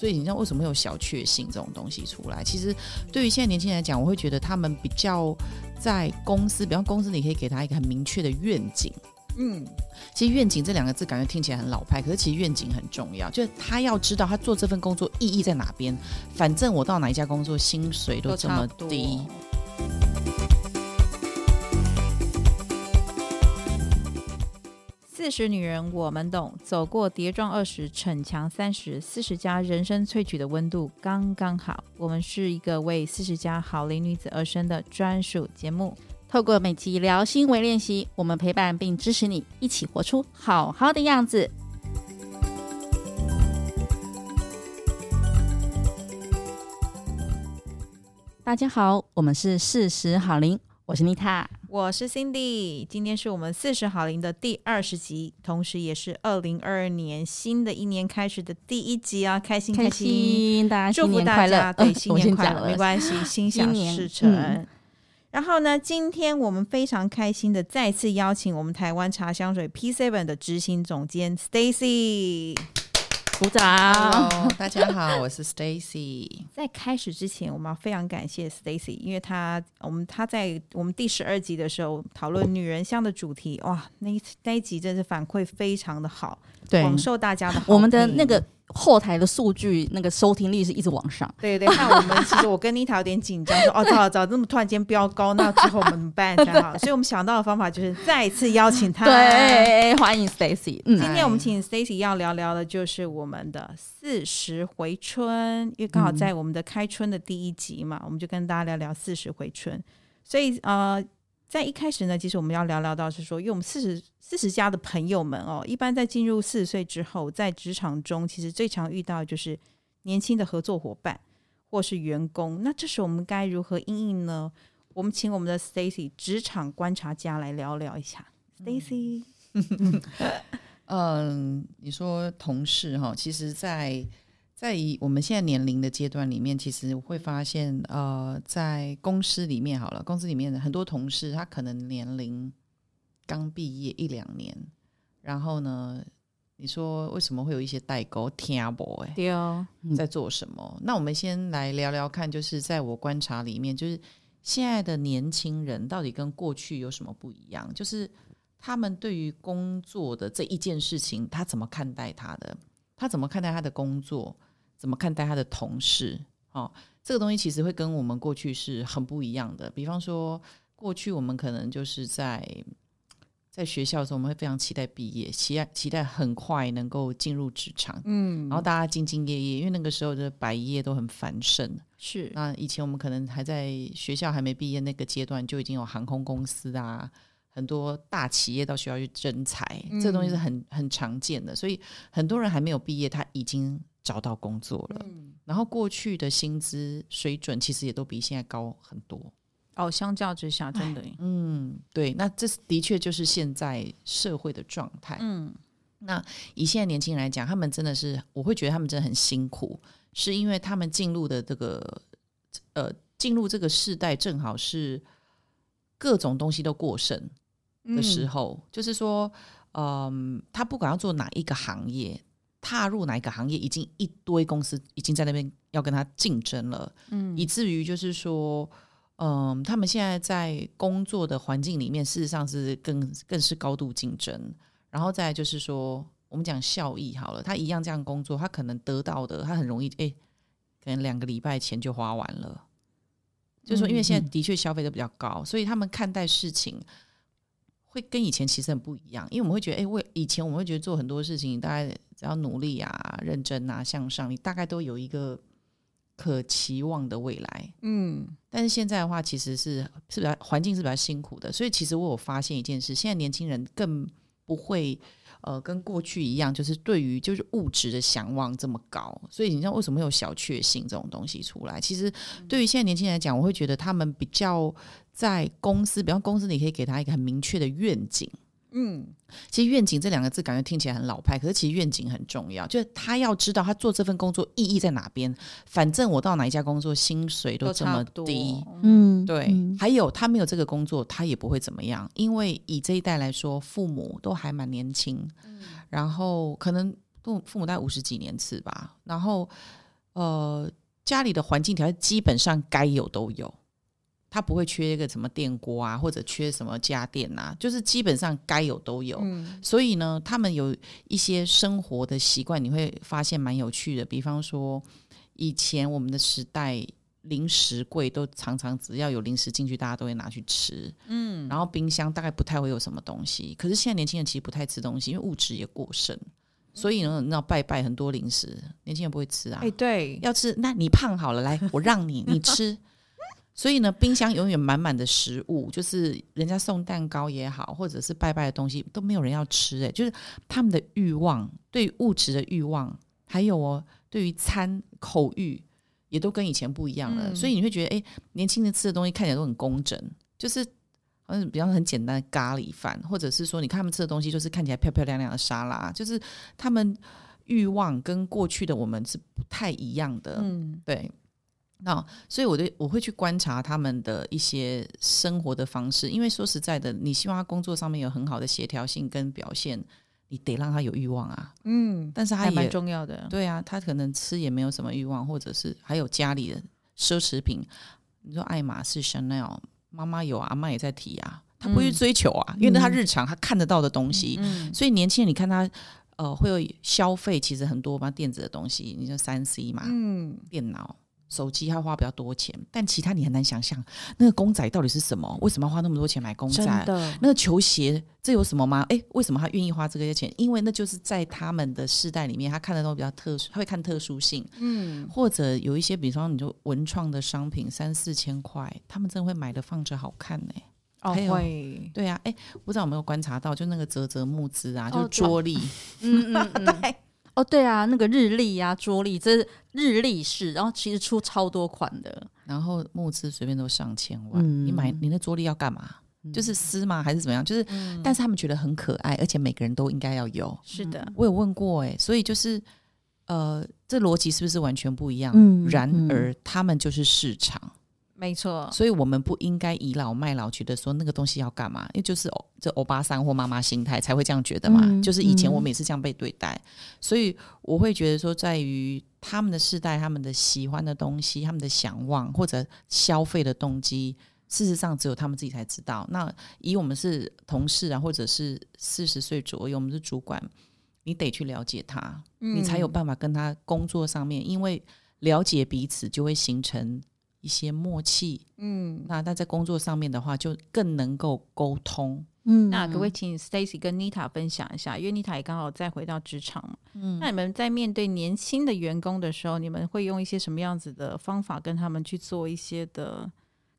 所以你知道為什麼會有小確幸這種東西出來？其實，對於現在年輕人來講，我會覺得他們比較在公司，比方公司你可以給他一個很明確的願景。嗯，其實願景這兩個字感覺聽起來很老派，可是其實願景很重要，就是他要知道他做這份工作意義在哪邊。反正我到哪一家工作薪水都這麼低。四十女人，我們懂。走過跌撞二十，逞強三十，四十加，人生萃取的溫度剛剛好。我們是一個為四十加好齡女子而生的專屬節目。透過每集聊心微練習，我們陪伴並支持你，一起活出好好的樣子。大家好，我們是四十好齡。我是妮塔，我是 Cindy，今天是我們四十好齡的第二十集，同時也是二零二二年新的一年開始的第一集啊！開心開心，開心大家新年快樂、祝福大家、呃！對，新年快樂，沒關係，心想事成、嗯。然後呢，今天我們非常開心的再次邀請我們台灣茶香水 P Seven 的執行總監 Stacy。鼓掌！大家好，我是 Stacy。 在開始之前，我們要非常感謝 Stacy，因為她，我們她在我們第十二集的時候討論“女人像”的主題，哇，那那一集真的是反饋非常的好，對，廣受大家的好評。我們的那個，後臺的數據那個收聽率是一直往上。對對，那我們其實我跟妮塔有點緊張， 說哦，怎麼怎這麼突然間飆高？那之後我們怎麼辦？ 所以，我們想到的方法就是再次邀請她。對，歡迎 Stacy、嗯。今天我們請 Stacy 要聊聊的就是我們的四十回春，嗯、因為剛好在我們的開春的第一集嘛、嗯，我們就跟大家聊聊四十回春。所以，呃。在一開始呢，其實我們要聊聊到是說，因為我們四十四十加的朋友們哦、喔，一般在進入四十歲之後，在職場中其實最常遇到就是年輕的合作夥伴或是員工，那這時候我們該如何因應呢？我們請我們的 Stacy 職場觀察家來聊聊一下。嗯、Stacy， 嗯，你說同事哈、哦，其實在。在以我們現在年齡的階段裡面，其實我會發現，呃，在公司裡面好了，公司裡面的很多同事，他可能年齡剛畢業一兩年，然後呢，你說為什麼會有一些代溝？我聽不懂欸，對哦，在做什麼？嗯。那我們先來聊聊看，就是在我觀察裡面，就是現在的年輕人到底跟過去有什麼不一樣？就是他們對於工作的這一件事情，他怎麼看待他的？他怎麼看待他的工作？怎麼看待他的同事？哦，這個東西其實會跟我們過去是很不一樣的。比方說，過去我們可能就是在在學校的時候，我們會非常期待畢業，期期待很快能夠進入職場。嗯，然後大家兢兢業業，因為那個時候的百業都很繁盛。是，那以前我們可能還在學校還沒畢業那個階段，就已經有航空公司啊，很多大企業到學校去徵才，嗯、這個東西是很很常見的。所以很多人還沒有畢業，他已經。找到工作了，嗯，然後過去的薪資水準其實也都比現在高很多哦。相較之下，真的，嗯，對，那這的確就是現在社會的狀態。嗯，那以現在年輕人來講，他們真的是，我會覺得他們真的很辛苦，是因為他們進入的這個，呃，進入這個時代正好是各種東西都過剩的時候，嗯、就是說，嗯、呃，他不管要做哪一個行業。踏入哪一個行業，已經一堆公司已經在那邊要跟他競爭了，嗯，以至於就是說，嗯、呃，他們現在在工作的環境裡面，事實上是更更是高度競爭。然後再就是說，我們講效益好了，他一樣這樣工作，他可能得到的，他很容易，誒、欸，可能兩個禮拜錢就花完了。嗯、就是說，因為現在的確消費都比較高，所以他們看待事情。會跟以前其實很不一樣，因為我們會覺得，誒、欸，為以前我們會覺得做很多事情，大家只要努力啊、認真啊、向上，你大概都有一個可期望的未來。嗯，但是現在的話，其實是是比較環境是比較辛苦的，所以其實我有發現一件事，現在年輕人更不會呃跟過去一樣，就是對於就是物質的向往這麼高，所以你知道為什麼有小確幸這種東西出來？其實對於現在年輕人來講，我會覺得他們比較。在公司，比方說公司，你可以給他一個很明確的願景。嗯，其實願景這兩個字感覺聽起來很老派，可是其實願景很重要，就是他要知道他做這份工作意義在哪邊。反正我到哪一家工作，薪水都這麼低。嗯，嗯，對，嗯。還有他沒有這個工作，他也不會怎麼樣，因為以這一代來說，父母都還蠻年輕。嗯，然後可能父父母大概五十幾年次吧。然後呃，家裡的環境條件基本上該有都有。他不會缺一個什麼電鍋啊，或者缺什麼家電啊。就是基本上該有都有。嗯。所以呢，他們有一些生活的習慣，你會發現蠻有趣的。比方說，以前我們的時代，零食櫃都常常只要有零食進去，大家都會拿去吃。嗯，然後冰箱大概不太會有什麼東西。可是現在年輕人其實不太吃東西，因為物質也過剩。嗯，所以呢，你知道，拜拜很多零食，年輕人不會吃啊。欸，對，要吃，那你胖好了，來，我讓你， 你吃。所以呢，冰箱永遠滿滿的食物，就是人家送蛋糕也好，或者是拜拜的東西都沒有人要吃。哎、欸，就是他們的慾望，對物質的慾望，還有哦、喔，對於餐口欲也都跟以前不一樣了。嗯、所以你會覺得，哎、欸，年輕人吃的東西看起來都很工整，就是好像比方很簡單的咖喱飯，或者是說你看他們吃的東西，就是看起來漂漂亮亮的沙拉，就是他們慾望跟過去的我們是不太一樣的，嗯，對。那、no, 所以，我對我會去觀察他們的一些生活的方式，因為說實在的，你希望他工作上面有很好的協調性跟表現，你得讓他有欲望啊。嗯，但是他也蠻重要的。對啊，他可能吃也沒有什麼欲望，或者是還有家裡的奢侈品，你說愛馬仕、Chanel，媽媽有，阿媽也在提啊，他不去追求啊。嗯、因為他日常他看得到的東西，嗯、所以年輕人你看他，呃，會有消費，其實很多嘛，電子的東西，你說三 C 嘛，嗯，電腦。手機要花比較多錢，但其他你很難想象，那個公仔到底是什麼？為什麼要花那麼多錢買公仔？真的，那個球鞋，這有什麼嗎？誒、欸，為什麼他願意花這個錢？因為那就是在他們的世代裡面，他看的都比較特殊，他會看特殊性。嗯，或者有一些，比方，說你就文創的商品三，三四千塊，他們真的會買的放着好看呢、欸。哦，對，對啊，誒、欸，我不知道有沒有觀察到，就那個嘖嘖募資啊，就是桌立，嗯嗯嗯，對。就是 哦，對啊，那個日曆啊，桌曆，這是日曆式，然後其實出超多款的，然後募資隨便都上千萬。嗯、你買你那桌曆要幹嘛、嗯？就是撕嗎？還是怎麼樣？就是、嗯，但是他們覺得很可愛，而且每個人都應該要有。是的，我有問過哎、欸，所以就是，呃，這邏輯是不是完全不一樣？嗯，然而、嗯、他們就是市場。沒錯，所以我們不應該倚老賣老，覺得說那個東西要幹嘛，因為就是這歐巴桑或媽媽心態才會這樣覺得嘛。嗯、就是以前我們也是這樣被對待、嗯，所以我會覺得說，在於他們的世代、他們的喜歡的東西、他們的想望或者消費的動機，事實上只有他們自己才知道。那以我們是同事啊，或者是四十歲左右，我們是主管，你得去了解他，你才有辦法跟他工作上面，嗯、因為了解彼此就會形成。一些默契，嗯，那那在工作上面的話，就更能夠溝通，嗯，那各位請 Stacy 跟 Nita 分享一下，因為 Nita 也剛好再回到職場，嗯，那你們在面對年輕的員工的時候，你們會用一些什麼樣子的方法跟他們去做一些的。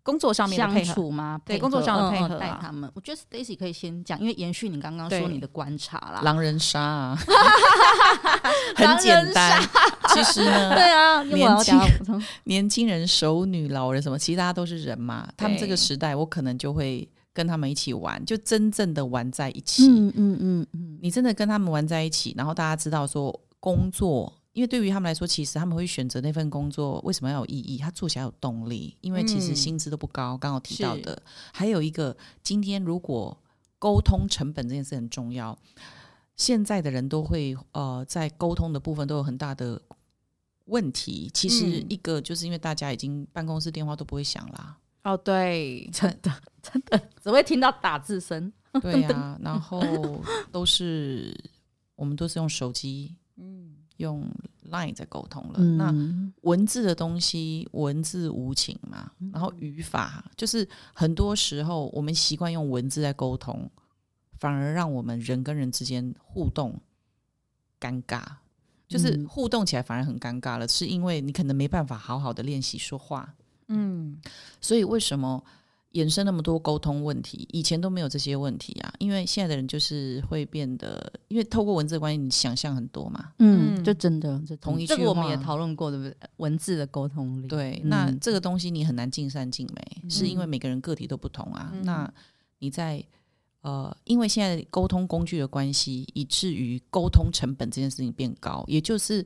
工作上面相處嗎？對？對，工作上的配合帶、呃呃呃、他們、啊。我覺得 Stacy 可以先講，因為延續你剛剛說你的觀察啦。狼人殺、啊， 狼人殺 很簡單。 其實呢，對啊，年輕 年輕人、熟女、老人什麼，其實大家都是人嘛。他們這個時代，我可能就會跟他們一起玩，就真正的玩在一起。嗯嗯嗯嗯，你真的跟他們玩在一起，然後大家知道說工作。因為對於他們來說，其實他們會選擇那份工作，為什麼要有意義？他做起來有動力，因為其實薪資都不高。剛、嗯、剛我提到的，還有一個，今天如果溝通成本這件事很重要，現在的人都會呃，在溝通的部分都有很大的問題。其實一個就是因為大家已經辦公室電話都不會響啦、啊。哦，對，真的真的只會聽到打字聲。對呀、啊，然後都是我們都是用手機。用 line 在溝通了、嗯，那文字的東西，文字無情嘛。然後語法，嗯、就是很多時候我們習慣用文字在溝通，反而讓我們人跟人之間互動尷尬，就是互動起來反而很尷尬了、嗯，是因為你可能沒辦法好好的練習說話。嗯，所以為什麼，衍生那麼多溝通問題，以前都沒有這些問題啊！因為現在的人就是會變得，因為透過文字的關係，你想象很多嘛，嗯，就真的，這同一、嗯、這個、我們也討論過的文字的溝通力、嗯。對，那這個東西你很難盡善盡美、嗯，是因為每個人個體都不同啊。嗯、那你在呃，因為現在溝通工具的關係，以至於溝通成本這件事情變高，也就是。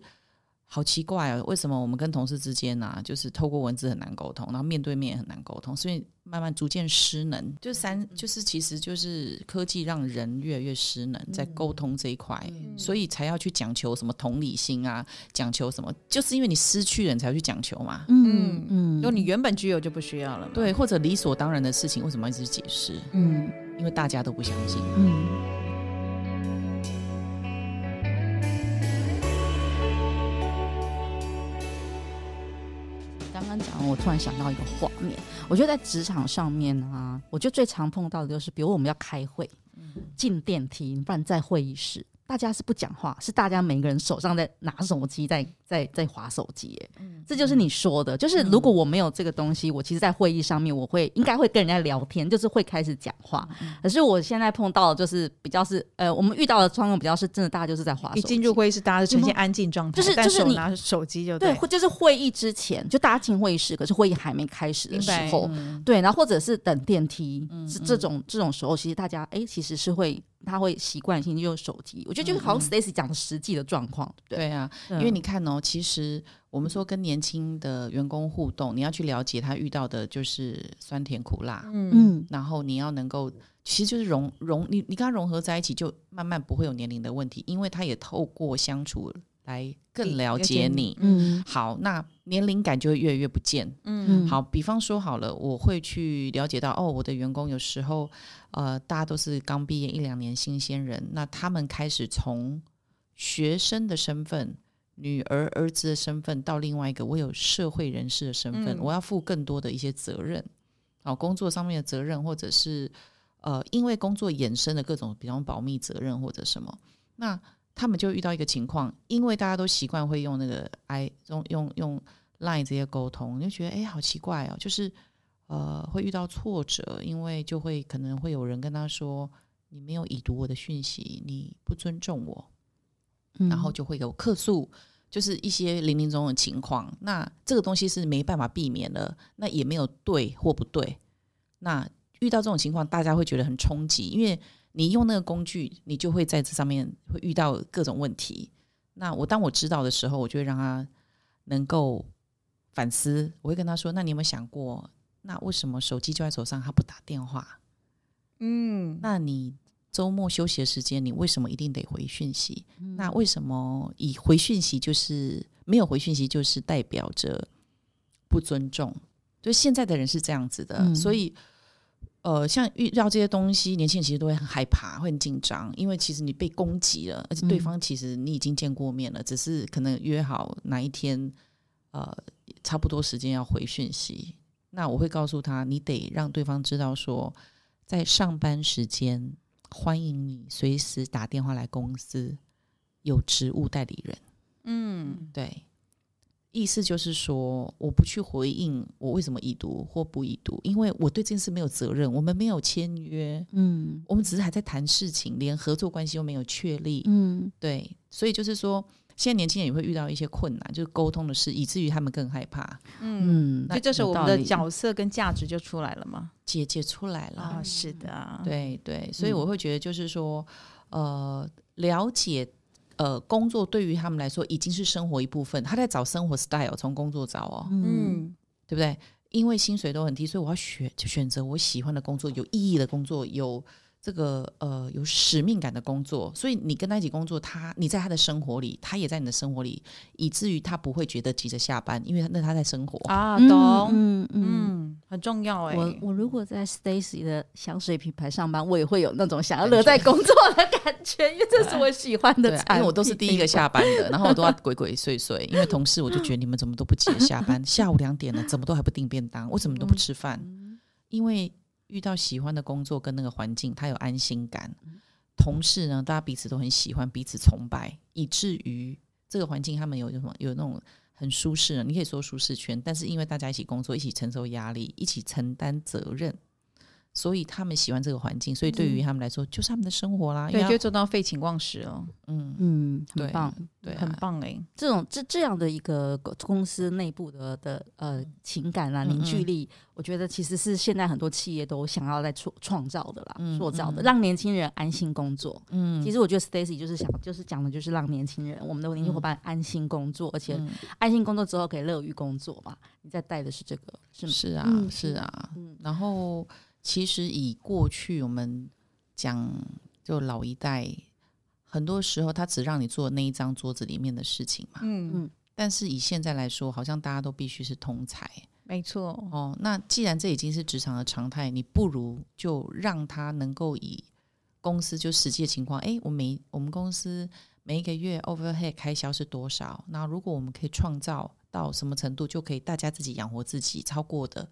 好奇怪啊、哦！為什麼我們跟同事之間呢、啊，就是透過文字很難溝通，然後面對面也很難溝通，所以慢慢逐漸失能。就三、嗯，就是其實就是科技讓人越來越失能在溝通這一塊、嗯，所以才要去講求什麼同理心啊，講求什麼，就是因為你失去人才要去講求嘛。嗯嗯，因為你原本具有就不需要了。嘛。對，或者理所當然的事情，為什麼一直解釋？嗯，因為大家都不相信。嗯。我突然想到一個畫面，我覺得在職場上面啊，我覺得最常碰到的就是，比如我們要開會，進電梯，不然在會議室。大家是不講話，是大家每個人手上在拿手機，在在在劃手機、欸。哎、嗯，這就是你說的，就是如果我沒有這個東西，嗯、我其實，在會議上面，我會應該會跟人家聊天，就是會開始講話。嗯、可是我現在碰到的就是比較是呃，我們遇到的狀況比較是真的大，大家就是在劃手機，進入會議室，大家是呈現安靜狀態，就是就是你手拿着手機就對，對，就是會議之前就大家進會議室，可是會議還沒開始的時候，嗯、對，然後或者是等電梯，這、嗯、這種這種時候，其實大家哎、欸，其實是會。他會習慣性就用手機、嗯，我覺得就是好像 Stacy 講的實際的狀況、嗯，對啊、嗯，因為你看哦、喔，其實我們說跟年輕的員工互動，你要去了解他遇到的就是酸甜苦辣，嗯，然後你要能夠，其實就是融融，你你跟他融合在一起，就慢慢不會有年齡的問題，因為他也透過相處。來更了解你、欸、了解你，嗯，好，那年齡感就會越來越不見。嗯，好，比方說好了，我會去了解到，哦，我的員工有時候，呃，大家都是剛畢業一兩年新鮮人，那他們開始從學生的身份、女兒兒子的身份，到另外一個，我有社會人士的身份、嗯，我要負更多的一些責任，好、呃，工作上面的責任，或者是呃，因為工作衍生的各種，比方保密責任或者什麼，那。他們就遇到一個情況，因為大家都習慣會用那個 i 用用用 line 這些溝通，就覺得哎、欸，好奇怪哦，就是呃會遇到挫折，因為就會可能會有人跟他說，你沒有已讀我的訊息，你不尊重我，嗯、然後就會有客訴，就是一些林林總總情況。那這個東西是沒辦法避免的，那也沒有對或不對。那遇到這種情況，大家會覺得很衝擊，因為。你用那個工具，你就會在這上面會遇到各種問題。那我當我知道的時候，我就會讓他能夠反思。我會跟他說：“那你有沒有想過，那為什麼手機就在手上，他不打電話？嗯，那你周末休息的時間，你為什麼一定得回訊息，嗯？那為什麼以回訊息就是沒有回訊息就是代表着不尊重？就現在的人是這樣子的，嗯、所以。”呃，像遇到這些東西，年輕人其實都會很害怕，會很緊張，因為其實你被攻擊了，而且對方其實你已經見過面了，嗯，只是可能約好哪一天，呃，差不多時間要回訊息。那我會告訴他，你得讓對方知道說，在上班時間，歡迎你隨時打電話來公司，有職務代理人。嗯，對。意思就是說，我不去回應我為什麼已讀或不已讀，因為我對這件事沒有責任。我們沒有簽約，嗯，我們只是還在談事情，連合作關係都沒有確立，嗯，對。所以就是說，現在年輕人也會遇到一些困難，就是溝通的事，以至於他們更害怕，嗯。嗯，那這時候我們的角色跟價值就出來了嘛？姐、嗯、姐出來了、啊，是的，對對。所以我會覺得就是說，嗯、呃，了解。呃，工作對於他們來說已經是生活一部分。他在找生活 style，從工作找哦，嗯，對不對？因為薪水都很低，所以我要選，選擇我喜歡的工作，有意義的工作，有。這個呃，有使命感的工作，所以你跟他一起工作，他你在他的生活裡，他也在你的生活裡，以至於他不會覺得急着下班，因為那他在生活啊，懂，嗯嗯，嗯，很重要哎、欸。我我如果在 Stacy 的香水品牌上班，我也會有那種想要樂在工作的感覺，感覺因為這是我喜歡的對。因為我都是第一個下班的，然後我都要鬼鬼祟祟、祟， 因為同事我就覺得你們怎麼都不急着下班， 下午兩點了，怎麼都還不訂便當？我怎麼都不吃飯、嗯？因為。遇到喜歡的工作跟那個環境，他有安心感。同事呢，大家彼此都很喜歡，彼此崇拜，以至於這個環境他們有什麼有那種很舒適的，你可以說舒適圈，但是因為大家一起工作，一起承受壓力，一起承擔責任。所以他們喜歡這個環境，所以對於他們來說、嗯，就是他們的生活啦。對，因為就做到廢寢忘食哦、喔，嗯嗯，很棒，對、啊，很棒誒、欸。這種這這樣的一個公司內部的的呃情感啊凝聚力，我覺得其實是現在很多企業都想要在創創造的啦，塑、嗯、造的、嗯、讓年輕人安心工作。嗯，其實我覺得 Stacy 就是想就是講的就是讓年輕人、嗯，我們的年輕夥伴安心工作、嗯，而且安心工作之後可以樂於工作嘛。你再帶的是這個，是嗎？是啊，是啊，嗯、然後。其實以過去我們講，就老一代，很多時候他只讓你做那一張桌子裡面的事情嘛。嗯嗯。但是以現在來說，好像大家都必須是通才。沒錯。哦，那既然這已經是職場的常態，你不如就讓他能夠以公司就實際的情況。誒，我每我們公司每一個月 overhead 開銷是多少？那如果我們可以創造到什麼程度，就可以大家自己養活自己，超過的。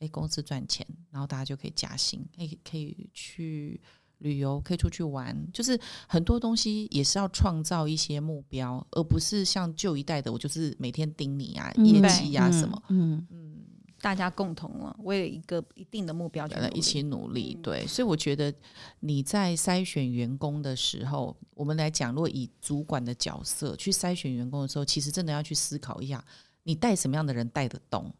誒、欸，公司賺錢，然後大家就可以加薪，可、欸、以，可以去旅遊，可以出去玩，就是很多東西也是要創造一些目標，而不是像舊一代的，我就是每天盯你啊，嗯、業績啊什麼。嗯，嗯，嗯，大家共同了、啊，為了一個一定的目標，就能一起努力。對，所以我覺得你在篩選員工的時候，嗯、我們來講，若以主管的角色去篩選員工的時候，其實真的要去思考一下，你帶什麼樣的人帶得動。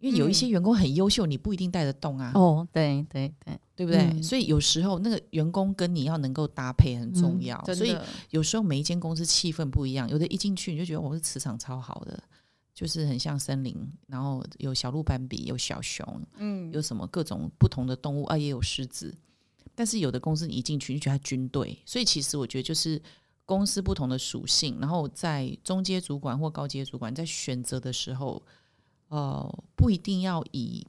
因為有一些員工很優秀、嗯，你不一定帶得動啊。哦，對對對，對不對、嗯？所以有時候那個員工跟你要能夠搭配很重要、嗯。所以有時候每一間公司氣氛不一樣，有的一進去你就覺得我是磁場超好的，就是很像森林，然後有小鹿斑比，有小熊，嗯，有什麼各種不同的動物啊，也有獅子。但是有的公司你一進去就覺得他軍隊。所以其實我覺得就是公司不同的屬性，然後在中階主管或高階主管在選擇的時候哦、呃，不一定要以，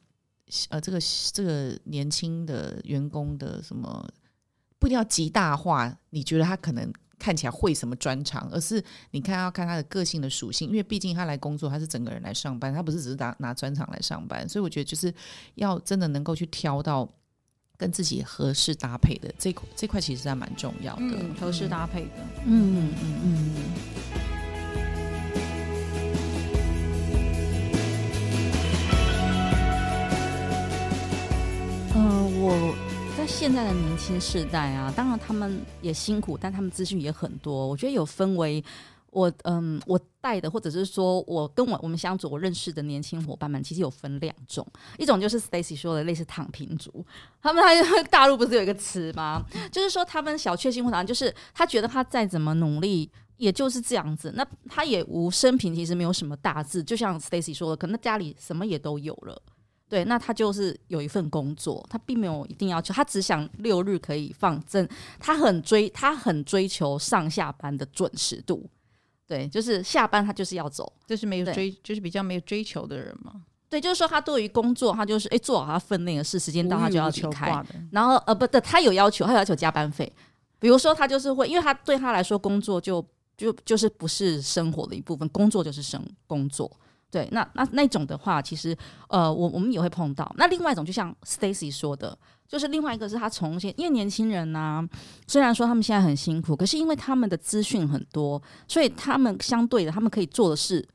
呃，這個這個年輕的員工的什麼，不一定要極大化。你覺得他可能看起來會什麼專長，而是你看要看他的個性的屬性，因為畢竟他來工作，他是整個人來上班，他不是只是拿拿專長來上班。所以我覺得就是要真的能夠去挑到跟自己合適搭配的這這塊其實還蠻重要的，嗯、合適搭配的，嗯嗯嗯嗯。嗯現在的年輕世代啊，當然他們也辛苦，但他們資訊也很多。我覺得有分為我，我嗯，我帶的，或者是說我跟我我們相處我認識的年輕夥伴們，其實有分兩種，一種就是 Stacy 說的類似躺平族，他們大陸不是有一個詞嗎、嗯？就是說他們小確幸，通常就是他覺得他再怎麼努力，也就是這樣子。那他也無生平，其實沒有什麼大志，就像 Stacy 說的，可能家裡什麼也都有了。對，那他就是有一份工作，他並沒有一定要求，他只想六日可以放正，他很追，他很追求上下班的準時度。對，就是下班他就是要走，就是沒有追，就是比較沒有追求的人嘛。對，就是說他對於工作，他就是哎、欸、做好他分內的事，時間到他就要離開無欲無求化的。然後呃不對，他有要求，他有要求加班費。比如說他就是會，因為他對他來說工作就就就是不是生活的一部分，工作就是生工作。對，那那那種的話，其實呃，我我們也會碰到。那另外一種，就像 Stacy 說的，就是另外一個是他重新，因為年輕人呢、啊，雖然說他們現在很辛苦，可是因為他們的資訊很多，所以他們相對的，他們可以做的事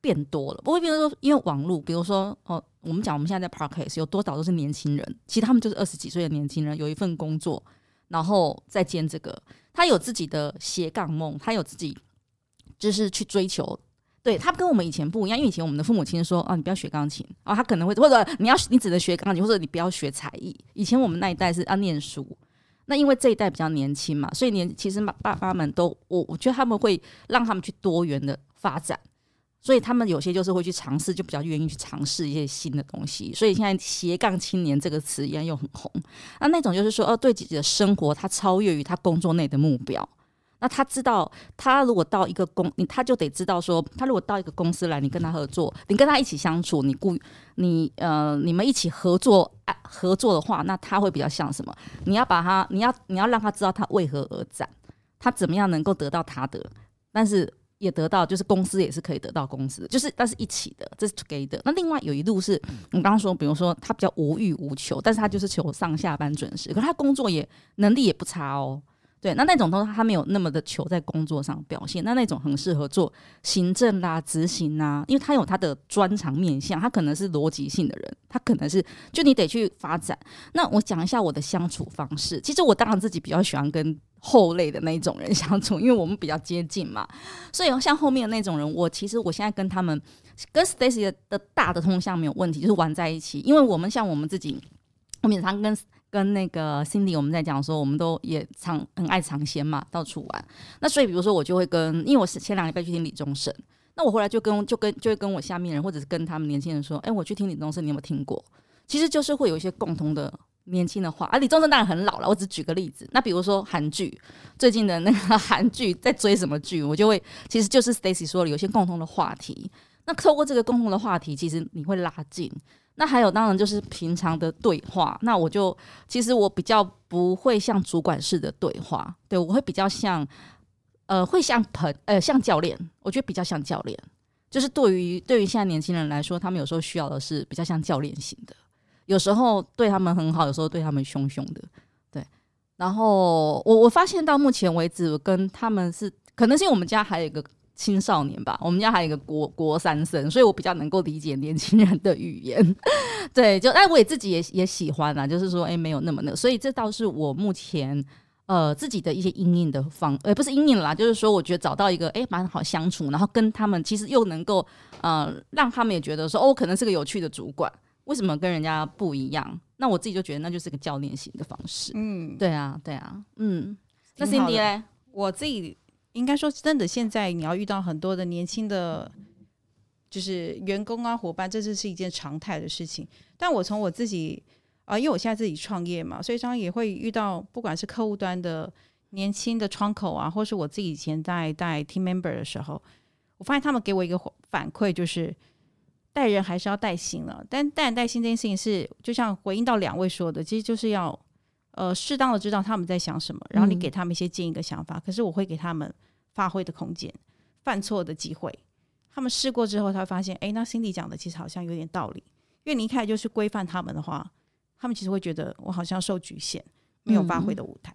變多了。不會變成說，因為網絡，比如說哦、呃，我們講我們現在在 Podcast 有多少都是年輕人，其實他們就是二十幾歲的年輕人，有一份工作，然後再兼這個，他有自己的斜槓夢，他有自己就是去追求。對他跟我們以前不一樣，因為以前我們的父母親說啊，你不要學鋼琴，然、啊、他可能會或者你要你只能學鋼琴，或者你不要學才藝。以前我們那一代是要念書，那因為這一代比較年輕嘛，所以年其實爸爸媽媽們都我、哦、我覺得他們會讓他們去多元的發展，所以他們有些就是會去嘗試，就比較願意去嘗試一些新的東西。所以現在斜槓青年這個詞一樣又很紅。那那種就是說，哦、啊，對自己的生活，他超越於他工作內的目標。那他知道，他如果到一個公，你他就得知道說，他如果到一個公司來，你跟他合作，你跟他一起相處，你雇你呃，你們一起合作合作的話，那他會比較像什麼？你要把他，你要你要讓他知道他為何而戰，他怎麼樣能夠得到他的，但是也得到，就是公司也是可以得到公司，就是但是一起的，這是 together。那另外有一路是你剛剛說，比如說他比較無欲無求，但是他就是求上下班準時，可他工作也能力也不差哦。對，那那種都是他沒有那麼的求在工作上表現，那那種很適合做行政啦、執行啊，因為他有他的專長面向，他可能是邏輯性的人，他可能是就你得去發展。那我講一下我的相處方式，其實我當然自己比較喜歡跟後類的那種人相處，因為我們比較接近嘛，所以像後面那種人，我其實我現在跟他們跟 Stacy 的大的通向沒有問題，就是玩在一起，因為我們像我們自己，後面常跟。跟那個 Cindy，我們在講說，我們都也常很愛嘗鮮嘛，到處玩。那所以，比如說我就會跟，因為我是前兩禮拜去聽李宗盛，那我後來就跟就跟就會跟，跟我下面人或者是跟他們年輕人說，哎、欸，我去聽李宗盛，你有沒有聽過？其實就是會有一些共同的年輕的話。啊，李宗盛當然很老了，我只舉個例子。那比如說韓劇，最近的那個韓劇在追什麼劇，我就會其實就是 Stacy 說的，有些共同的話題。那透過這個共同的話題，其實你會拉近。那還有當然就是平常的對話，那我就其實我比較不會像主管式的對話，對我會比較像，呃，會像朋呃像教練，我覺得比較像教練，就是對於對於現在年輕人來說，他們有時候需要的是比較像教練型的，有時候對他們很好，有時候對他們凶凶的，對，然後我我發現到目前為止我跟他們是，可能是因為我們家還有一個。青少年吧，我們家還有一個國國三生，所以我比較能夠理解年輕人的語言。對，就哎，但我也自己也也喜歡啊，就是說哎、欸，沒有那麼那，所以這倒是我目前呃自己的一些因應的方，呃、欸、不是因應啦，就是說我覺得找到一個哎蠻、欸、好相處，然後跟他們其實又能夠呃讓他們也覺得說哦，喔、我可能是個有趣的主管，為什麼跟人家不一樣？那我自己就覺得那就是個教練型的方式。嗯，對啊，對啊，嗯，那 Cindy 呢？我自己。應該說，真的，現在你要遇到很多的年輕的，就是員工啊、夥伴，這是一件常態的事情。但我從我自己啊，因為我現在自己創業嘛，所以常常也會遇到，不管是客戶端的年輕的窗口啊，或是我自己以前帶帶 team member 的時候，我發現他們給我一個反饋，就是帶人還是要帶心了、啊。但帶人帶心這件事情是，就像回應到兩位說的，其實就是要。呃，適當的知道他們在想什麼，然後你給他們一些建議跟想法嗯嗯。可是我會給他們發揮的空間、犯錯的機會。他們試過之後，他會發現，哎，那心蒂講的其實好像有點道理。因為你一開始就是規範他們的話，他們其實會覺得我好像受局限，嗯嗯，沒有發揮的舞台。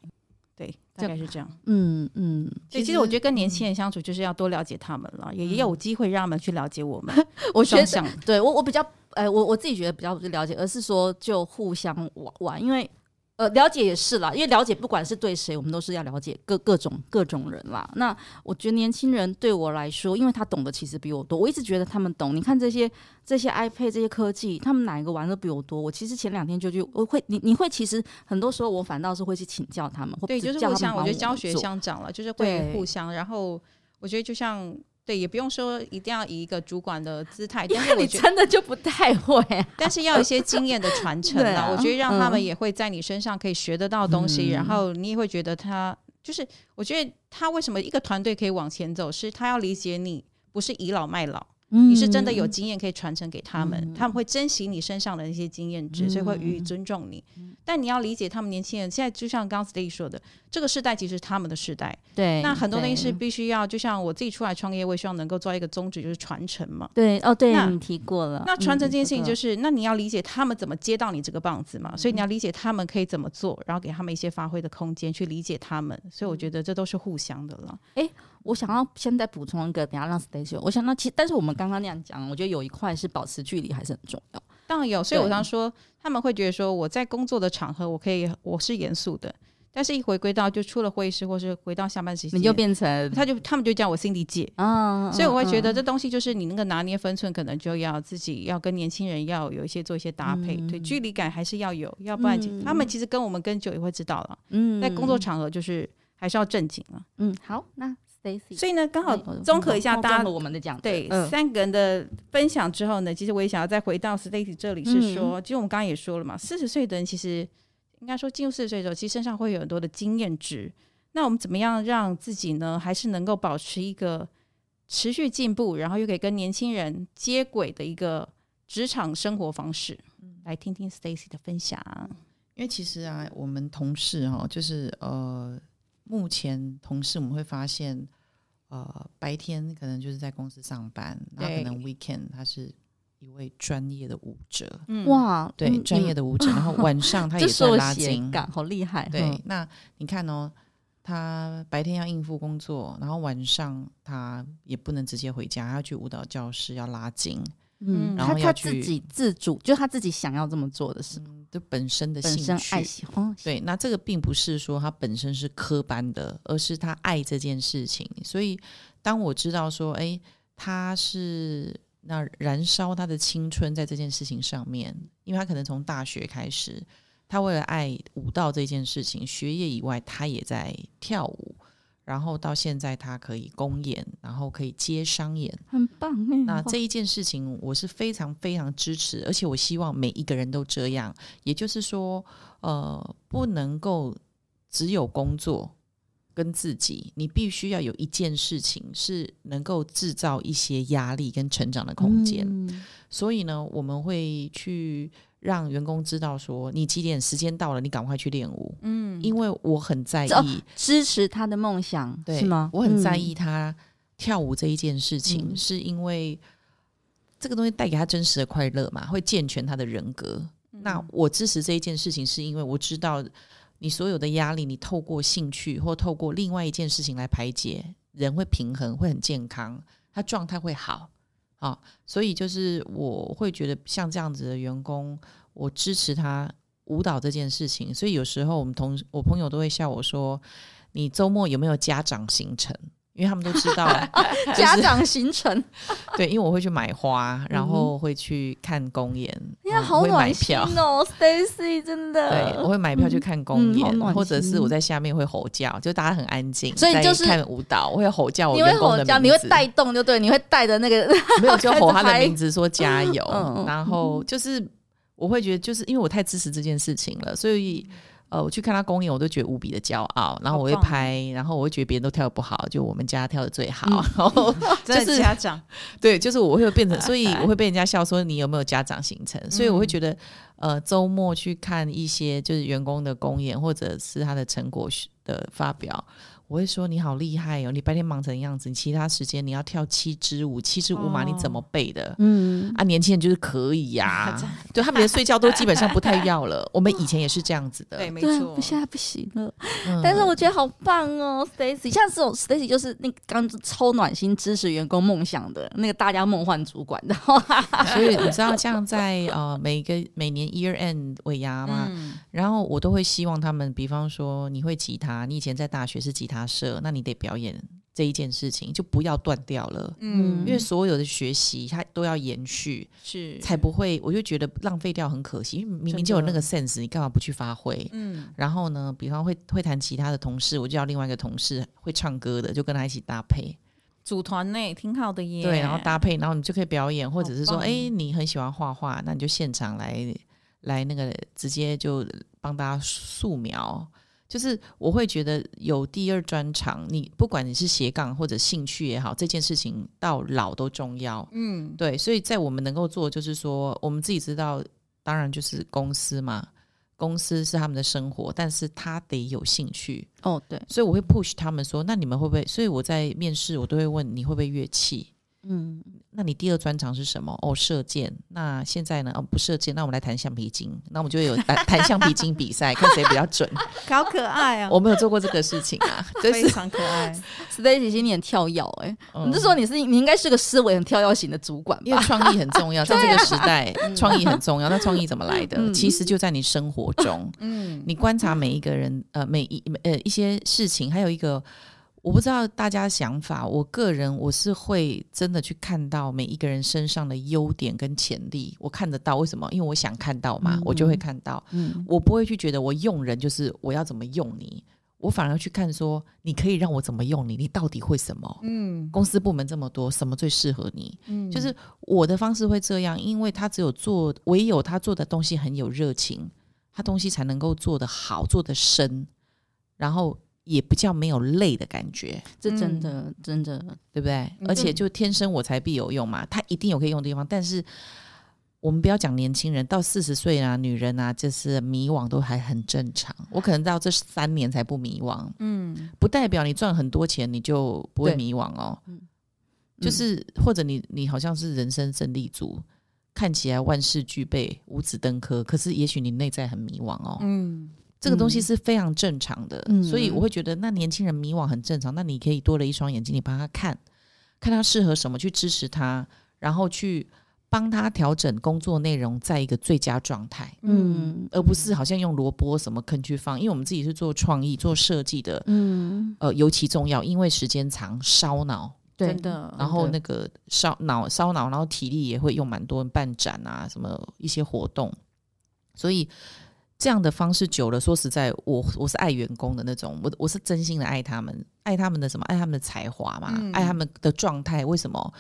對，大概是這樣。嗯嗯。所以其實我覺得跟年輕人相處就是要多了解他們了，也、嗯、也有機會讓他們去了解我們。呵呵我想想，對我我比較，哎、呃，我我自己覺得比較不是了解，而是說就互相玩玩，因為。呃，了解也是啦，因為了解不管是對誰，我們都是要了解各各種各種人啦。那我覺得年輕人對我來說，因為他懂的其實比我多，我一直覺得他們懂。你看這些這些 iPad 這些科技，他們哪一個玩的比我多？我其實前兩天就去，我會你你會其實很多時候我反倒是會去請教他們。對，就是互相，我覺得教學相長了，就是會互相。然後我覺得就像。對，也不用說一定要以一個主管的姿態，但是我覺得因為你真的就不太會、啊。但是要有一些經驗的傳承啦 啊，我覺得讓他們也會在你身上可以學得到東西，嗯、然後你也會覺得他就是，我覺得他為什麼一個團隊可以往前走，是他要理解你，不是倚老賣老。你是真的有經驗可以傳承給他們、嗯，他們會珍惜你身上的那些經驗值、嗯，所以會予以尊重你。嗯、但你要理解，他們年輕人現在就像剛 Stacy 說的，這個世代其實是他們的世代。對，那很多東西是必須要，就像我自己出來創業，我也希望能夠做一個宗旨，就是傳承嘛。對，哦對，那你提過了，嗯、那傳承這件事情就是，那你要理解他們怎麼接到你這個棒子嘛、嗯。所以你要理解他們可以怎麼做，然後給他們一些發揮的空間，去理解他們。所以我覺得這都是互相的了。哎、嗯。我想要現在補充一個，等下讓 Stacy 我想到，其但是我們剛剛那樣講，我覺得有一塊是保持距離還是很重要。當然有，所以我常說，他們會覺得說我在工作的場合我可以我是嚴肅的，但是一回歸到就出了會議室或是回到下班時間，你就變成他就他們就叫我 Cindy 姐啊，嗯嗯嗯，所以我會覺得這東西就是你那個拿捏分寸，可能就要自己要跟年輕人要有一些做一些搭配，嗯，對距離感還是要有，要不然，嗯嗯，他們其實跟我們跟久也會知道了。嗯，在工作場合就是還是要正經了，啊。嗯，好，那。所以呢，剛好綜合一下大家對三個人的分享之後呢，其實我也想要再回到 Stacy 這裡，是說，其實，嗯，我們剛剛也說了嘛，四十歲的人其實應該說進入四十歲的時候，其實身上會有很多的經驗值。那我們怎麼樣讓自己呢，還是能夠保持一個持續進步，然後又可以跟年輕人接軌的一個職場生活方式？來聽聽 Stacy 的分享，因為其實啊，我們同事哈，就是呃，目前同事我們會發現，呃，白天可能就是在公司上班，然後可能 weekend 他是一位專業的舞者，嗯、哇，對，專、嗯、業的舞者，然後晚上他也做拉筋，嗯、 好厲害。對、嗯，那你看哦，他白天要應付工作，然後晚上他也不能直接回家，他要去舞蹈教室要拉筋，嗯，然後他，他自己自主，就他自己想要這麼做的，事、嗯。就本身的興趣，本身愛喜歡，對，那這個並不是說他本身是科班的，而是他愛這件事情。所以，當我知道說，哎、欸，他是那燃燒他的青春在這件事情上面，因為他可能從大學開始，他為了愛舞蹈這件事情，學業以外他也在跳舞。然後到現在，他可以公演，然後可以接商演，很棒。那這一件事情，我是非常非常支持，而且我希望每一個人都這樣。也就是說，呃，不能夠只有工作跟自己，你必須要有一件事情是能夠製造一些壓力跟成長的空間。嗯。所以呢，我們會去。讓員工知道說，你幾點時間到了，你趕快去練舞。嗯，因為我很在意、哦、支持他的夢想，對是嗎？我很在意他跳舞這一件事情，嗯、是因為這個東西帶給他真實的快樂嘛，會健全他的人格。嗯、那我支持這一件事情，是因為我知道你所有的壓力，你透過興趣或透過另外一件事情來排解，人會平衡，會很健康，他狀態會好。啊，所以就是我會覺得像這樣子的員工，我支持他舞蹈這件事情。所以有時候我們同我朋友都會笑我說：“你周末有沒有家長行程？”因為他們都知道家長行程，對，因為我會去買花，然後會去看公演，呀，好暖心哦，Stacy 真的。對，我會買票去看公演，或者是我在下面會吼叫，就大家很安靜，所以就是看舞蹈，我會吼叫，我會吼叫。你會帶動，就對，你會帶着那個，沒有就吼他的名字說加油，然後就是我會覺得就是因為我太支持這件事情了，所以。呃、我去看他公演，我都覺得無比的驕傲。然後我會拍，啊、然後我會覺得別人都跳的不好，就我們家跳的最好。嗯嗯、 就是真家長，對，就是我會變成、啊，所以我會被人家笑說，你有沒有家長行程、嗯。所以我會覺得，呃，周末去看一些就是員工的公演，嗯、或者是他的成果的發表。我會說你好厲害哦！你白天忙成樣子，你其他時間你要跳七支舞、哦，七支舞嘛你怎麼背的？嗯啊，年輕人就是可以呀、啊， 對，他們連睡覺都基本上不太要了、哦。我們以前也是這樣子的，哦、對，沒錯對，現在不行了、嗯。但是我覺得好棒哦，Stacy，像這種 Stacy 就是那個剛剛超暖心支持員工夢想的那個大家夢幻主管的。 所以你知道，像在呃每個每年 Year End 尾牙嘛、嗯，然後我都會希望他們，比方說你會吉他，你以前在大學是吉他。那你得表演這一件事情，就不要斷掉了。嗯，因為所有的學習它都要延續，是才不會。我就覺得浪費掉很可惜，因為明明就有那個 sense，你幹嘛不去發揮？嗯，然後呢，比方會會彈其他的同事，我就叫另外一個同事會唱歌的，就跟他一起搭配組團呢，挺好的耶。對，然後搭配，然後你就可以表演，或者是說，哎、欸，你很喜歡畫畫，那你就現場來來那個直接就幫大家素描。就是我會覺得有第二專長，你不管你是斜槓或者興趣也好，這件事情到老都重要。嗯，對，所以在我們能夠做，就是說我們自己知道，當然就是公司嘛，公司是他們的生活，但是他得有興趣哦。對，所以我會 push 他們說，那你們會不會？所以我在面試我都會問你會不會樂器？嗯。那你第二專長是什麼？哦，射箭。那現在呢？哦，不射箭。那我們來彈橡皮筋。那我們就會有彈彈橡皮筋比賽， 看誰比較準。好可愛啊！我沒有做過這個事情啊， 非常可愛。Stacy， 你很跳躍哎、欸嗯，你是說你是你應該是個思維很跳躍型的主管吧？因為創意很重要，在 這個時代，創、啊、意很重要。嗯、那創意怎麼來的、嗯？其實就在你生活中。嗯，你觀察每一個人，呃，每一呃一些事情，還有一個。我不知道大家想法，我個人我是會真的去看到每一個人身上的優點跟潛力，我看得到為什麼？因為我想看到嘛，嗯嗯，我就會看到。嗯，我不會去覺得我用人就是我要怎麼用你，我反而去看說你可以讓我怎麼用你，你到底會什麼？嗯，公司部門這麼多，什麼最適合你？嗯，就是我的方式會這樣，因為他只有做，唯有他做的東西很有熱情，他東西才能夠做得好，做得深，然後。也不叫沒有累的感覺，嗯、這真的真的對不對？嗯。而且就天生我材必有用嘛，他一定有可以用的地方。但是我們不要講年輕人到四十歲啊，女人啊，就是迷惘都還很正常。我可能到這三年才不迷惘，嗯，不代表你賺很多錢你就不會迷惘哦。嗯、就是或者你你好像是人生勝利組，嗯，看起來萬事俱備，五子登科，可是也許你內在很迷惘哦，嗯。這個東西是非常正常的、嗯，所以我會覺得那年輕人迷惘很正常。嗯、那你可以多了一雙眼睛，你幫他看看他適合什麼，去支持他，然後去幫他調整工作內容，在一個最佳狀態。嗯，而不是好像用蘿蔔什麼坑去放、嗯，因為我們自己是做創意、做設計的，嗯，呃，尤其重要，因為時間長燒腦對，真的。然後那個燒腦、燒腦，然後體力也會用蠻多辦展啊，什麼一些活動，所以。這樣的方式久了，說實在我，我我是愛員工的那種，我我是真心的愛他們，愛他們的什麼？愛他們的才華嘛、嗯，愛他們的狀態。為什麼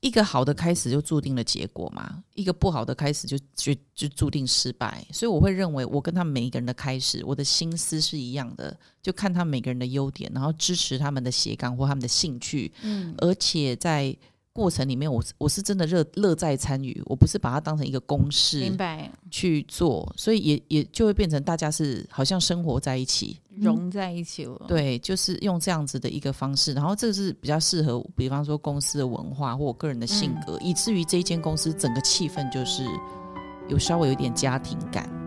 一個好的開始就注定了結果嘛？一個不好的開始就就就注定失敗。所以我會認為，我跟他們每一個人的開始，我的心思是一樣的，就看他們每個人的優點，然後支持他們的斜槓或他們的興趣，嗯，而且在。過程裡面我，我我是真的樂樂在參與，我不是把它當成一個公式去做，所以也也就會變成大家是好像生活在一起，嗯，融在一起了。對，就是用這樣子的一個方式，然後這個是比較適合，比方說公司的文化或我個人的性格，嗯、以至於這一間公司整個氣氛就是有稍微有點家庭感。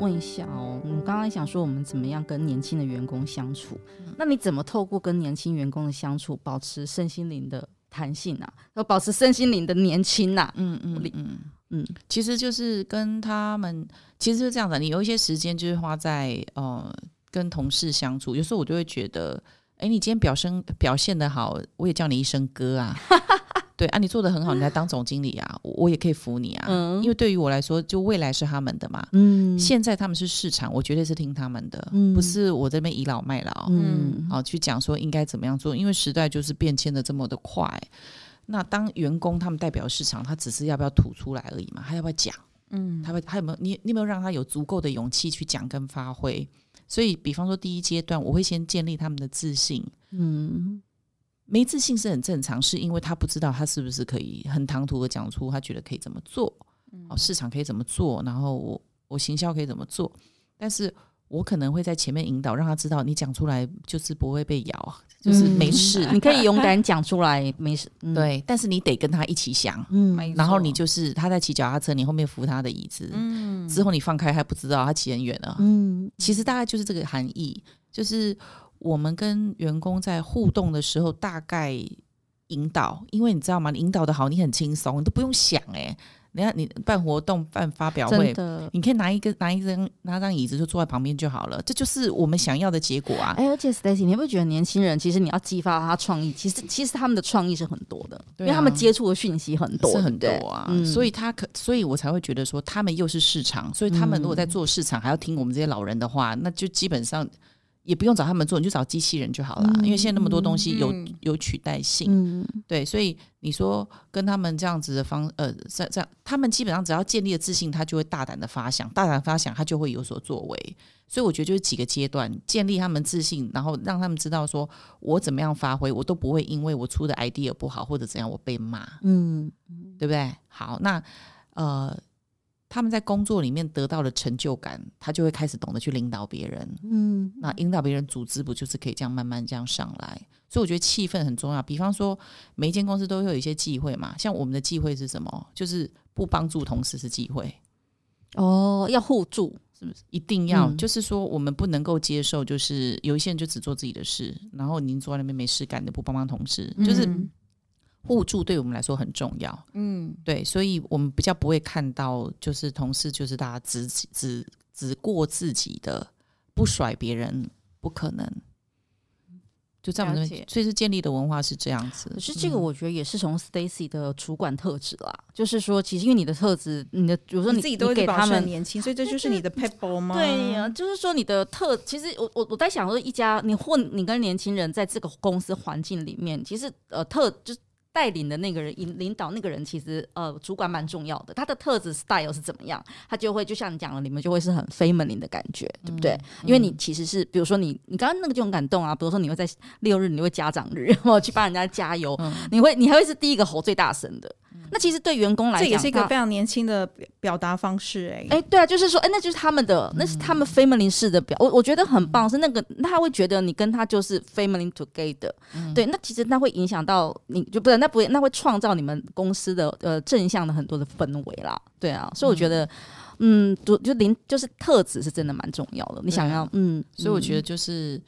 問一下哦，你剛剛想說我們怎麼樣跟年輕的員工相處？嗯、那你怎麼透過跟年輕員工的相處，保持身心靈的彈性啊，要保持身心靈的年輕吶、啊。嗯嗯嗯嗯，其實就是跟他們，其實是這樣的。你有一些時間就是花在呃跟同事相處，有時候我就會覺得，哎，你今天表生表現的好，我也叫你一聲哥啊。 對啊，你做得很好，你在當總經理啊，啊，我也可以服你啊。嗯、因為對於我來說，就未來是他們的嘛、嗯。現在他們是市場，我絕對是聽他們的，嗯、不是我這邊倚老賣老。好、嗯哦，去講說應該怎麼樣做，因為時代就是變遷得這麼的快。那當員工，他們代表市場，他只是要不要吐出來而已嘛，他要不要講？嗯，他會他有沒有你？你有沒有讓他有足夠的勇氣去講跟發揮。所以，比方說第一階段，我會先建立他們的自信。嗯。沒自信是很正常，是因為他不知道他是不是可以很唐突的講出他覺得可以怎麼做，哦，市場可以怎麼做，然後我我行銷可以怎麼做，但是我可能會在前面引導，讓他知道你講出來就是不會被咬，就是沒事，嗯、你可以勇敢講出來， 沒事、嗯，對，但是你得跟他一起想，嗯，然後你就是他在騎腳踏車，你後面扶他的椅子，嗯，之後你放開他不知道他騎很遠了，嗯，其實大概就是這個含義，就是。我們跟員工在互動的時候，大概引導，因為你知道嗎？你引導得好，你很輕鬆，你都不用想誒、欸，你看，你辦活動、辦發表會，你可以拿一個、拿一張、拿張椅子就坐在旁邊就好了。這就是我們想要的結果啊！哎、欸，而且 Stacy，你會不會覺得年輕人其實你要激發他創意，其實其實他們的創意是很多的，啊、因為他們接觸的訊息很多，是很多啊。所以他可，所以我才會覺得說，他們又是市場、嗯，所以他們如果在做市場，還要聽我們這些老人的話，那就基本上。也不用找他們做，你就找機器人就好了，嗯。因為現在那麼多東西有、嗯、有取代性、嗯，對，所以你說跟他們這樣子的方，呃，這這樣，他們基本上只要建立了自信，他就會大膽的發想，大膽發想，他就會有所作為。所以我覺得就是幾個階段，建立他們自信，然後讓他們知道說，我怎麼樣發揮，我都不會因為我出的 idea 不好或者怎樣，我被罵，嗯，對不對？好，那呃。他們在工作裡面得到的成就感，他就會開始懂得去領導別人。嗯，那引導別人組織，不就是可以這樣慢慢這樣上來？所以我覺得氣氛很重要。比方說，每一間公司都會有一些忌諱嘛。像我們的忌諱是什麼？就是不幫助同事是忌諱。哦，要互助，是不是？一定要，嗯、就是說我們不能夠接受，就是有一些人就只做自己的事，然後您坐在那邊沒事幹的，你不幫幫同事，就是。互助對我們來說很重要，嗯，對，所以我們比較不會看到，就是同事就是大家只只只過自己的，不甩別人，不可能。就這樣子，所以、就是建立的文化是這樣子。可是這個我覺得也是從 Stacy 的主管特質啦，嗯、就是說，其實因為你的特質，你的比如說你，你自己都給他們年輕，所以這就是你的撇步嘛。嗎？對呀、啊，就是說你的特，其實我我我在想說，一家你混，你跟年輕人在這個公司環境裡面，其實呃特就。帶領的那個人，引領導那個人，其實呃，主管蠻重要的。他的特質 style 是怎麼樣，他就會就像你講了裡面，你們就會是很 feminine 的感覺，嗯、對不對、嗯？因為你其實是，比如說你，你剛剛那個就很感動啊。比如說你會在六日，你會家長日，然 後去幫人家加油、嗯，你會，你還會是第一個吼最大聲的。那其實對員工來講，這也是一個非常年輕的表表達方式、欸，誒、欸，對啊，就是說，欸、那就是他們的、嗯，那是他們 family 式的表，我我覺得很棒、嗯，是那個，他會覺得你跟他就是 family together，、嗯、對，那其實那會影響到你就不是那不會，那會創造你們公司的呃正向的很多的氛圍啦，對啊，所以我覺得，嗯，嗯就就零就是特質是真的蠻重要的，啊、你想要嗯，嗯，所以我覺得就是。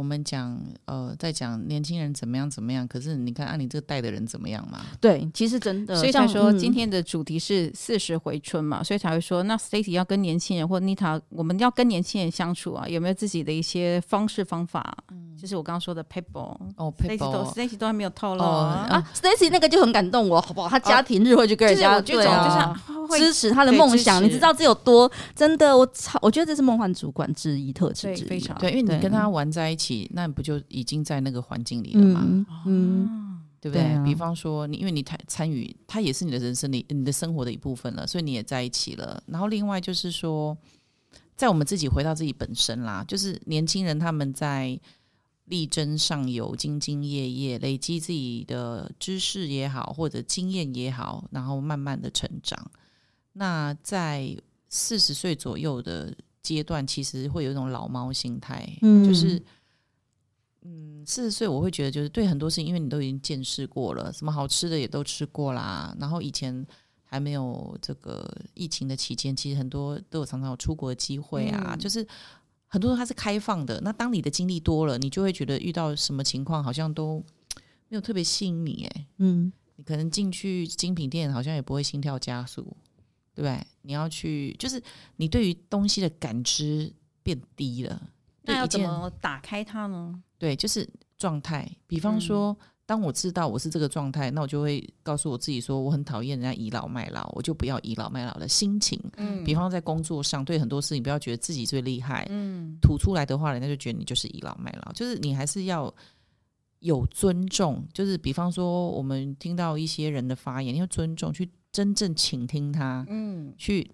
我們講呃，在講年輕人怎麼樣怎麼樣，可是你看阿里、啊、這個帶的人怎麼樣嘛？對，其實真的，所以才說、嗯、今天的主題是四十回春嘛，所以才會說那 Stacy 要跟年輕人或 Nita，我們要跟年輕人相處啊，有沒有自己的一些方式方法？嗯、就是我剛剛說的撇步哦撇步 Stacy 都還沒有透露、哦、啊，Stacy 那個就很感動我好不好？他家庭日會就跟人家、哦就是、對啊。就支持他的夢想，你知道這有多真的？我操，我覺得這是夢幻主管之一特質，對，非常對，因為你跟他玩在一起，那你不就已經在那個環境裡了嗎？嗯，啊、嗯對不對、啊？比方說，你因為你參參與，他也是你的人生裡，你的生活的一部分了，所以你也在一起了。然後另外就是說，在我們自己回到自己本身啦，就是年輕人他們在力爭上游、兢兢業業，累積自己的知識也好，或者經驗也好，然後慢慢的成長。那在四十歲左右的階段，其實會有一種老貓心態、嗯，就是，嗯，四十歲我會覺得，就是對很多事情，因為你都已經見識過了，什麼好吃的也都吃過啦。然後以前還沒有這個疫情的期間，其實很多都有常常有出國的機會啊、嗯，就是很多時候它是開放的。那當你的經歷多了，你就會覺得遇到什麼情況，好像都沒有特別吸引你哎、欸，嗯，你可能進去精品店，好像也不會心跳加速。對，你要去，就是你對於東西的感知變低了。那要怎麼打開它呢？對、對，就是狀態。比方說，當我知道我是這個狀態，嗯、那我就會告訴我自己說，我很討厭人家倚老賣老，我就不要倚老賣老的心情、嗯。比方在工作上，對很多事情不要覺得自己最厲害。嗯、吐出來的話，人家就覺得你就是倚老賣老，就是你還是要有尊重。就是比方說，我們聽到一些人的發言，你要尊重去，真正傾聽他，嗯，去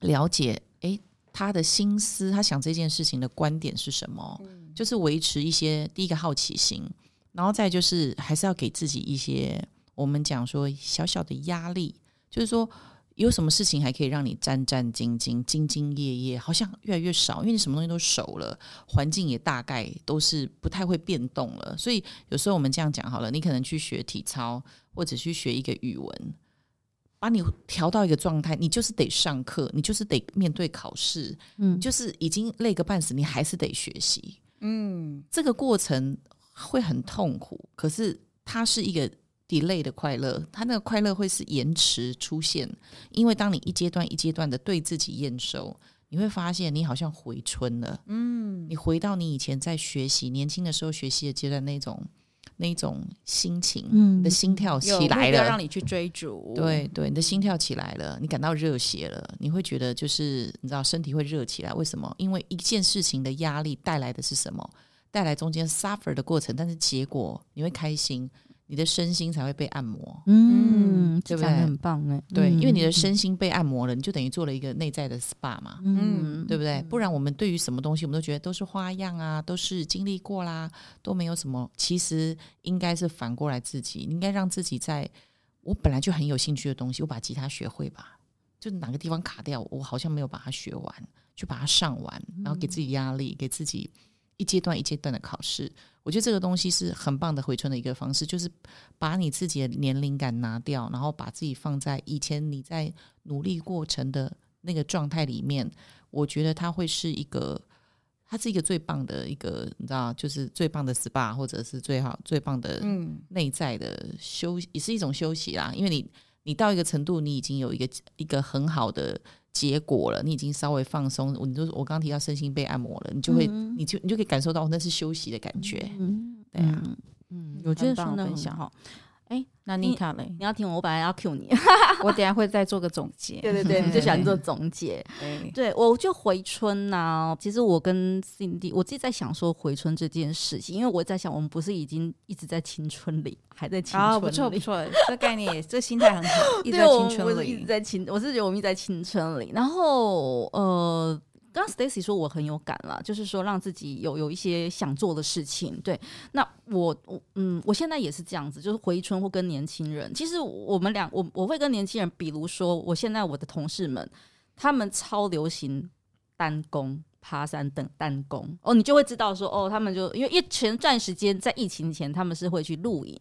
了解誒，他的心思，他想這件事情的觀點是什麼？嗯，就是維持一些第一個好奇心，然後再就是還是要給自己一些我們講說小小的壓力，就是說有什麼事情還可以讓你戰戰兢兢、兢兢業業，好像越來越少，因為你什麼東西都熟了，環境也大概都是不太會變動了。所以有時候我們這樣講好了，你可能去學體操，或者去學一個語文。把你調到一個狀態，你就是得上課，你就是得面對考試，嗯，就是已經累個半死，你還是得學習，嗯，這個過程會很痛苦，可是它是一個 delay 的快樂，它那個快樂會是延遲出現，因為當你一階段一階段的對自己驗收，你會發現你好像回春了，嗯，你回到你以前在學習年輕的時候學習的階段那種。那種心情的心跳起來了，讓你去追逐。對，對你的心跳起來了，你感到熱血了，你會覺得就是你知道身體會熱起來。為什麼？因為一件事情的壓力帶來的是什麼？帶來中間 suffer 的過程，但是結果你會開心。你的身心才會被按摩，嗯，對不對？很棒耶，對、嗯，因為你的身心被按摩了，你就等於做了一個內在的 SPA 嘛，嗯，對不對、嗯？不然我們對於什麼東西，我們都覺得都是花樣啊，都是經歷過啦，都沒有什麼。其實應該是反過來，自己應該讓自己在，我本來就很有興趣的東西，我把吉他學會吧，就哪個地方卡掉，我好像沒有把它學完，就把它上完，然後給自己壓力，嗯、給自己。一階段一階段的考試，我覺得這個東西是很棒的回春的一個方式，就是把你自己的年齡感拿掉，然後把自己放在以前你在努力過程的那個狀態裡面。我覺得它會是一個，它是一個最棒的一個，你知道，就是最棒的 SPA 或者是最好最棒的，內在的休息，也是一種休息啦。因為你你到一個程度，你已經有一個一個很好的。結果了，你已經稍微放鬆，我你都我剛提到身心被按摩了，你就會，嗯、你就你就可以感受到那是休息的感覺，嗯、對呀、啊，嗯，我覺得很享哎、欸，那你看嘞？你要聽我？我本來要 cue 你， 我等一下會再做個總結。對對對，最就想做總結。對，對，對，對，我就回春吶、啊。其實我跟 Cindy，我自己在想說回春這件事情，因為我在想，我們不是已經一直在青春裡，還在青春裡。哦，不錯不錯，這概念，這 心態很好。 一直在青春裡，一直在青，我是覺得我們一直在青春裡。然後，呃。剛 Stacy 說，我很有感了，就是說讓自己有有一些想做的事情。對，那我嗯，我現在也是這樣子，就是回春或跟年輕人。其實我們倆我我會跟年輕人，比如說我現在我的同事們，他們超流行單攻爬山等單攻哦，你就會知道說哦，他們就因為一前段時間在疫情前，他們是會去露營，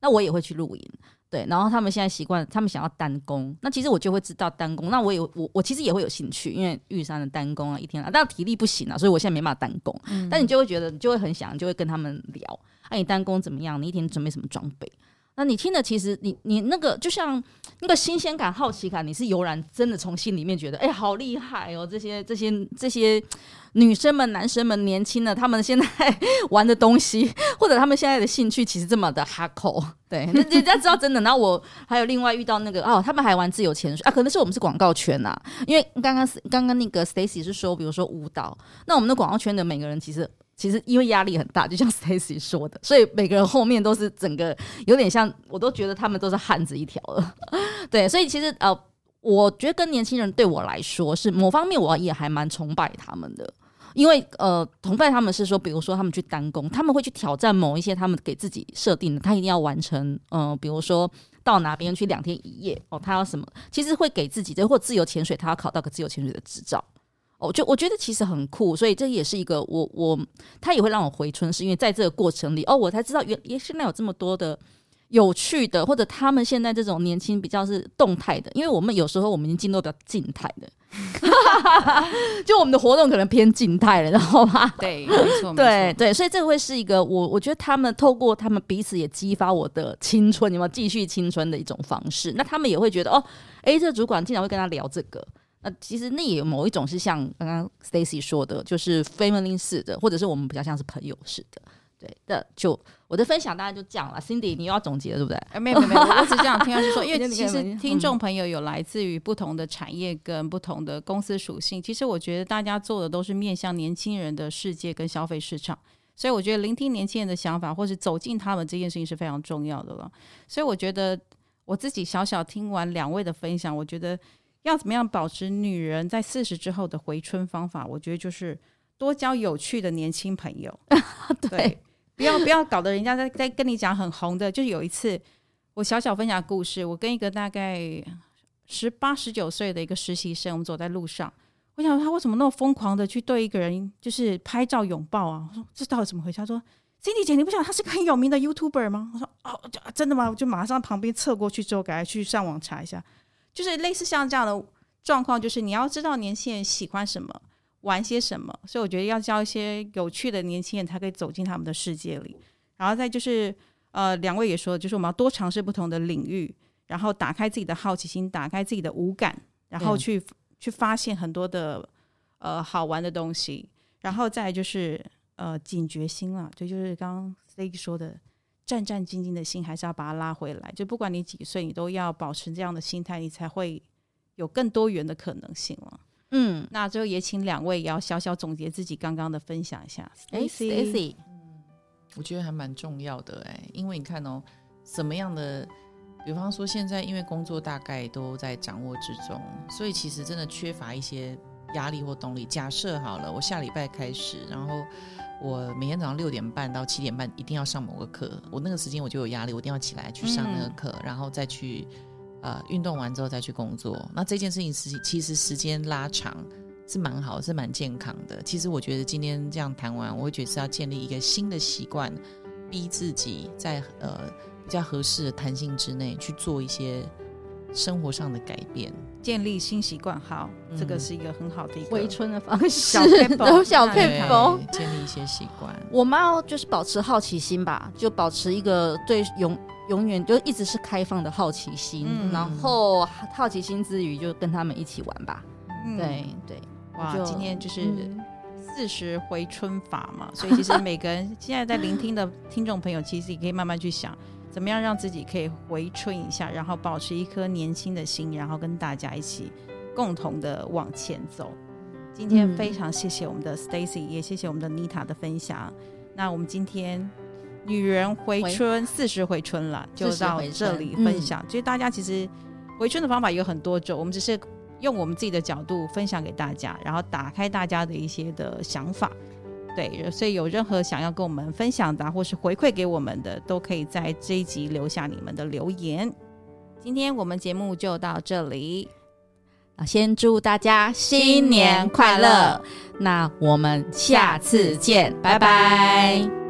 那我也會去露營。對，然後他們現在習慣，他們想要單攻，那其實我就會知道單攻，那我也我我其實也會有興趣，因為玉山的單攻啊，一天啊，但體力不行啊，所以我現在沒辦法單攻、嗯。但你就會覺得，你就會很想，就會跟他們聊，哎、啊，你單攻怎麼樣？你一天準備什麼裝備？那你聽的其實你你那個就像那個新鮮感、好奇感，你是油然真的從心裡面覺得，哎、欸，好厲害哦，這些這些這些。這些女生們、男生們年，年輕的他們現在玩的東西，或者他們現在的興趣，其實這麼的哈口，對， 人家知道真的。然後我還有另外遇到那個哦，他們還玩自由潛水啊，可能是我們是廣告圈吶、啊，因為剛剛剛剛那個 Stacy 是說，比如說舞蹈，那我們的廣告圈的每個人其實其實因為壓力很大，就像 Stacy 說的，所以每個人後面都是整個有點像，我都覺得他們都是漢子一條了，對，所以其實呃，我覺得跟年輕人對我來說是某方面，我也還蠻崇拜他們的。因為呃，同伴他們是說，比如說他們去單攻，他們會去挑戰某一些他們給自己設定的，他一定要完成，嗯、呃，比如說到哪邊去兩天一夜哦，他要什麼？其實會給自己這，或者自由潛水，他要考到個自由潛水的執照哦。就我覺得其實很酷，所以這也是一個我我他也會讓我回春，是因為在這個過程裡哦，我才知道原來現在有這麼多的。有趣的，或者他們現在這種年輕比較是動態的，因為我們有時候我們已經進入比較靜態的， 就我們的活動可能偏靜態了，知道嗎？對，沒錯，對對，所以這個會是一個我我覺得他們透過他們彼此也激發我的青春，有沒有繼續青春的一種方式？那他們也會覺得哦，誒、欸，這個主管竟然會跟他聊這個，那其實那也有某一種是像剛剛 Stacy 說的，就是 family 式的，或者是我們比較像是朋友似的，對，那就。我的分享大家就講了，Cindy，你又要總結了，對不對？哎、呃，沒有沒有，我只是想聽他去說， 因為其實聽眾朋友有來自於不同的產業跟不同的、 嗯、跟不同的公司屬性，其實我覺得大家做的都是面向年輕人的世界跟消費市場，所以我覺得聆聽年輕人的想法或者走進他們這件事情是非常重要的了。所以我覺得我自己小小聽完兩位的分享，我覺得要怎麼樣保持女人在四十之後的回春方法，我覺得就是多交有趣的年輕朋友， 對。對不要不要搞得人家在在跟你講很紅的。就是有一次我小小分享故事，我跟一個大概十八十九歲的一個實習生，我們走在路上，我想他為什麼那麼瘋狂的去對一個人就是拍照擁抱啊？我說這到底怎麼回事？他說 Cindy 姐，你不曉得他是個很有名的 YouTuber 嗎？我說哦，就真的嗎？我就馬上旁邊側過去之後，趕快去上網查一下，就是類似像這樣的狀況，就是你要知道年輕人喜歡什麼。玩些什麼？所以我覺得要教一些有趣的年輕人，才可以走進他們的世界裡。然後再就是，呃，兩位也說，就是我們要多嘗試不同的領域，然後打開自己的好奇心，打開自己的五感，然後去、嗯、去發現很多的呃好玩的東西。然後再就是呃警覺心了，這就，就是剛剛 Stacy 說的，戰戰兢兢的心還是要把它拉回來。就不管你幾歲，你都要保持這樣的心態，你才會有更多元的可能性了。嗯，那最後也請兩位要小小總結自己剛剛的分享一下。Stacy。Stacy，我覺得還蠻重要的哎、欸，因為你看哦、喔，什麼樣的，比方說現在因為工作大概都在掌握之中，所以其實真的缺乏一些壓力或動力。假設好了，我下禮拜開始，然後我每天早上六點半到七點半一定要上某個課，我那個時間我就有壓力，我一定要起來去上那個課、嗯，然後再去。呃，運動完之後再去工作，那這件事情時其實時間拉長是蠻好，是蠻健康的。其實我覺得今天這樣談完，我會覺得是要建立一個新的習慣，逼自己在呃比較合適的彈性之內去做一些生活上的改變，建立新習慣。好、嗯，這個是一個很好的一個回春的方式，小撇步。 一些習慣，我們要就是保持好奇心吧，就保持一個對永永遠就一直是開放的好奇心，嗯、然後好奇心之餘就跟他們一起玩吧。嗯、對對，哇，今天就是四十回春法嘛、嗯，所以其實每個人現在在聆聽的聽眾朋友，其實也可以慢慢去想，怎麼樣讓自己可以回春一下，然後保持一顆年輕的心，然後跟大家一起共同的往前走。今天非常謝謝我們的 Stacy，嗯、也謝謝我們的 Nita 的分享。那我們今天女人回春四十回，回春了，就到這裡分享。所以、嗯、大家其實回春的方法有很多種，我們只是用我們自己的角度分享給大家，然後打開大家的一些的想法。對，所以有任何想要跟我們分享的、啊，或是回饋給我們的，都可以在這一集留下你們的留言。今天我們節目就到這裡。先祝大家新年快樂，新年快樂，那我們下次見，拜拜。拜拜。